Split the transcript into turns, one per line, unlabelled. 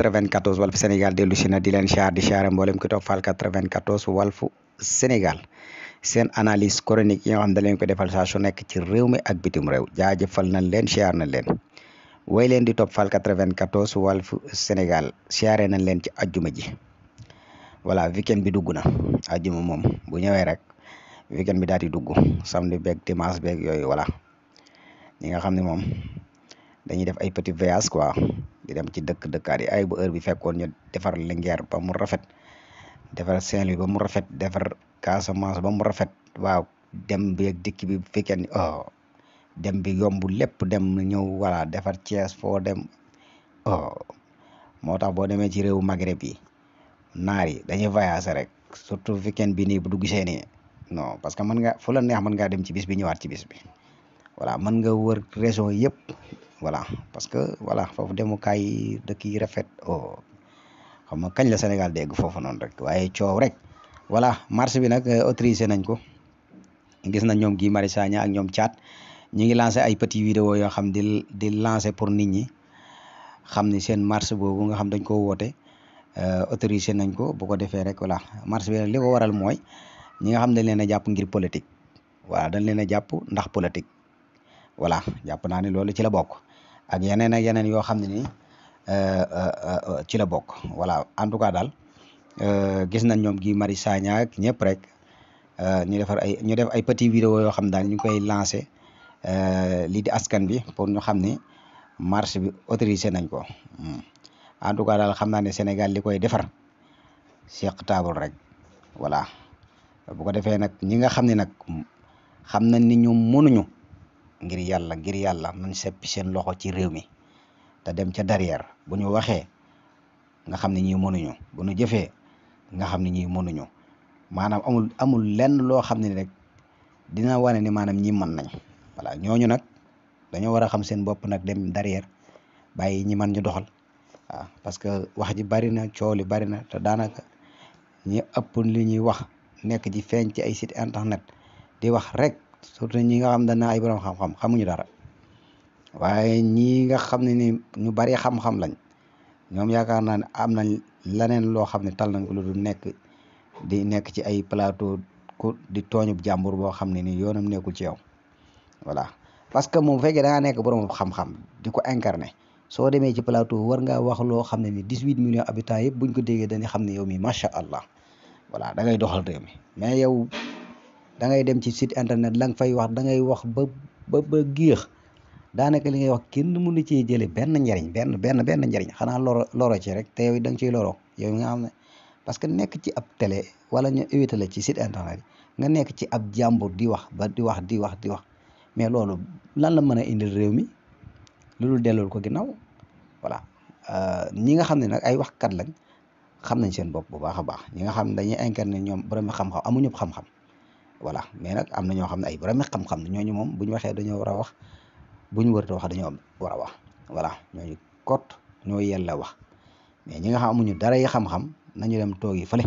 94 Walf Sénégal dellu si na di leen char di char mboolem fal 94 Walf Sénégal seen analyse chronique yi nga xam ne ko defal saa nekk ci réew mi ak bitim réew jaajëfal nañ leen char nañ leen way leen di topp fal 94 Walf Sénégal charé nañ leen ci ajjuma ji voilà weekend bi dugg na ajjuma moom bu ñëwee rek weekend bi daal di dugg samedi beeg dimanche beeg yooyu voilà ñi nga xam ne moom dañuy def ay petit voyage quoi di dem ci dëkk dëkkaat yi ay bu bi fekkoon ñu defar Linguère ba mu rafet defar Saint-Louis ba mu rafet defar Casamance ba mu rafet waaw dem bi ak dikk bi weekend oh dem bi yomb lépp dem ñëw voilà defar Thiès foo dem oh. moo tax boo demee ci réewu Maghreb yi naar yi dañuy voyage rek surtout weekend bi nii bu dugg see nii non parce que mën nga fu la neex mën ngaa dem ci bis bi ñëwaat ci bis bi voilà mën nga wër région yëpp voilà parce que voilà foofu demukaay yi dëkk yi rafet oh kañ la Sénégal dégg foofu noonu rek waaye coow rek voilà marché bi nag euh, autorisé nañ ko gis nañ ñoom Guy Marius ak ñoom Thiat ñu ngi lancé ay petit vidéo yoo xam di di lancé pour nit ñi xam ni seen marché boobu nga xam dañ ko woote euh, autorisé nañ ko bu ko defee rek voilà marché bi nag li ko waral mooy. ñi nga xam dañ leen jàpp ngir politique voilà dañ leen a jàpp ndax politique voilà jàpp naa ne loolu ci la bokk ak yeneen ak yeneen yoo xam ne ni euh, euh, euh, ci la bokk voilà en tout cas daal gis nañ ñoom gi Mari Sagna ak ñëpp rek ñu defar ay ñu def ay petit vidéo yoo xam daal ñu koy lancé lii di askan bi pour ñu xam ni marche bi autorisé nañ ko hmm. en tout cas daal xam naa ne Sénégal li koy defar seq taabul rek voilà. bu ko defee nag ñi nga xam ne nag xam nañ ni ñoom mënuñu ngir yàlla ngir yàlla nañ seppi seen loxo ci réew mi te dem ca derrière bu ñu waxee nga xam ne ñii mënuñu bu nu jëfee nga xam ne ñii mënuñu maanaam amul amul lenn loo xam ne rek dina wane ni maanaam ñi mën nañ voilà ñooñu nag dañoo war a xam seen bopp nag dem derrière bàyyi ñi man ñu doxal waaw parce que wax ji bari na coow li bari na te daanaka ñi ëpp li ñuy wax. nekk di feeñ ci ay site internet di wax rek surtout ñi nga xam dana ay borom xam-xam xamuñu dara waaye ñi nga xam ne ni ñu bari xam-xam lañ ñoom yaakaar naa ne am nañ leneen loo xam ne tal nañ ko lu dul nekk di nekk ci ay plateau ku di tooñub jàmbur boo xam ne ni yoonam nekkul ci yow voilà parce que moom bu fekkee nekk borom xam di ko incarné soo demee ci plateau war nga wax loo xam ne ni dix-huit millions habitants yëpp buñ ko déggee dañuy xam ne yow mi macha allah voilà da ngay doxal réew mi mais yow da ngay dem ci site internet la nga fay wax da ngay wax ba ba ba géex daanaka li ngay wax kenn mënu cee jëlee benn njariñ benn benn benn njariñ xanaa loro loro ci rek te yow da nga ciy loro yow nga xam ne parce que nekk ci ab tele wala ñu invité la ci site internet nga nekk ci ab jàmbur di wax ba di wax di wax di wax mais loolu lan la mën a indil réew mi loolu delloo ko naw voilà euh, ñi nga xam ne nag ay waxkat lañ xam nañ seen bopp bu baax a baax ñi nga xam ne dañuy incarné ñoom borom xam-xam amuñu xam-xam voilà mais nag am na ñoo xam ne ay borom xam-xam ñooñu moom bu ñu waxee dañoo war a wax bu ñu warut a wax dañoo war a wax voilà ñooñu kot ñoo yella wax mais ñi nga xam amuñu dara yi xam-xam nañu dem toog yi fële.